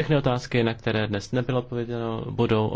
Všechny otázky, na které dnes nebylo odpověděno, budou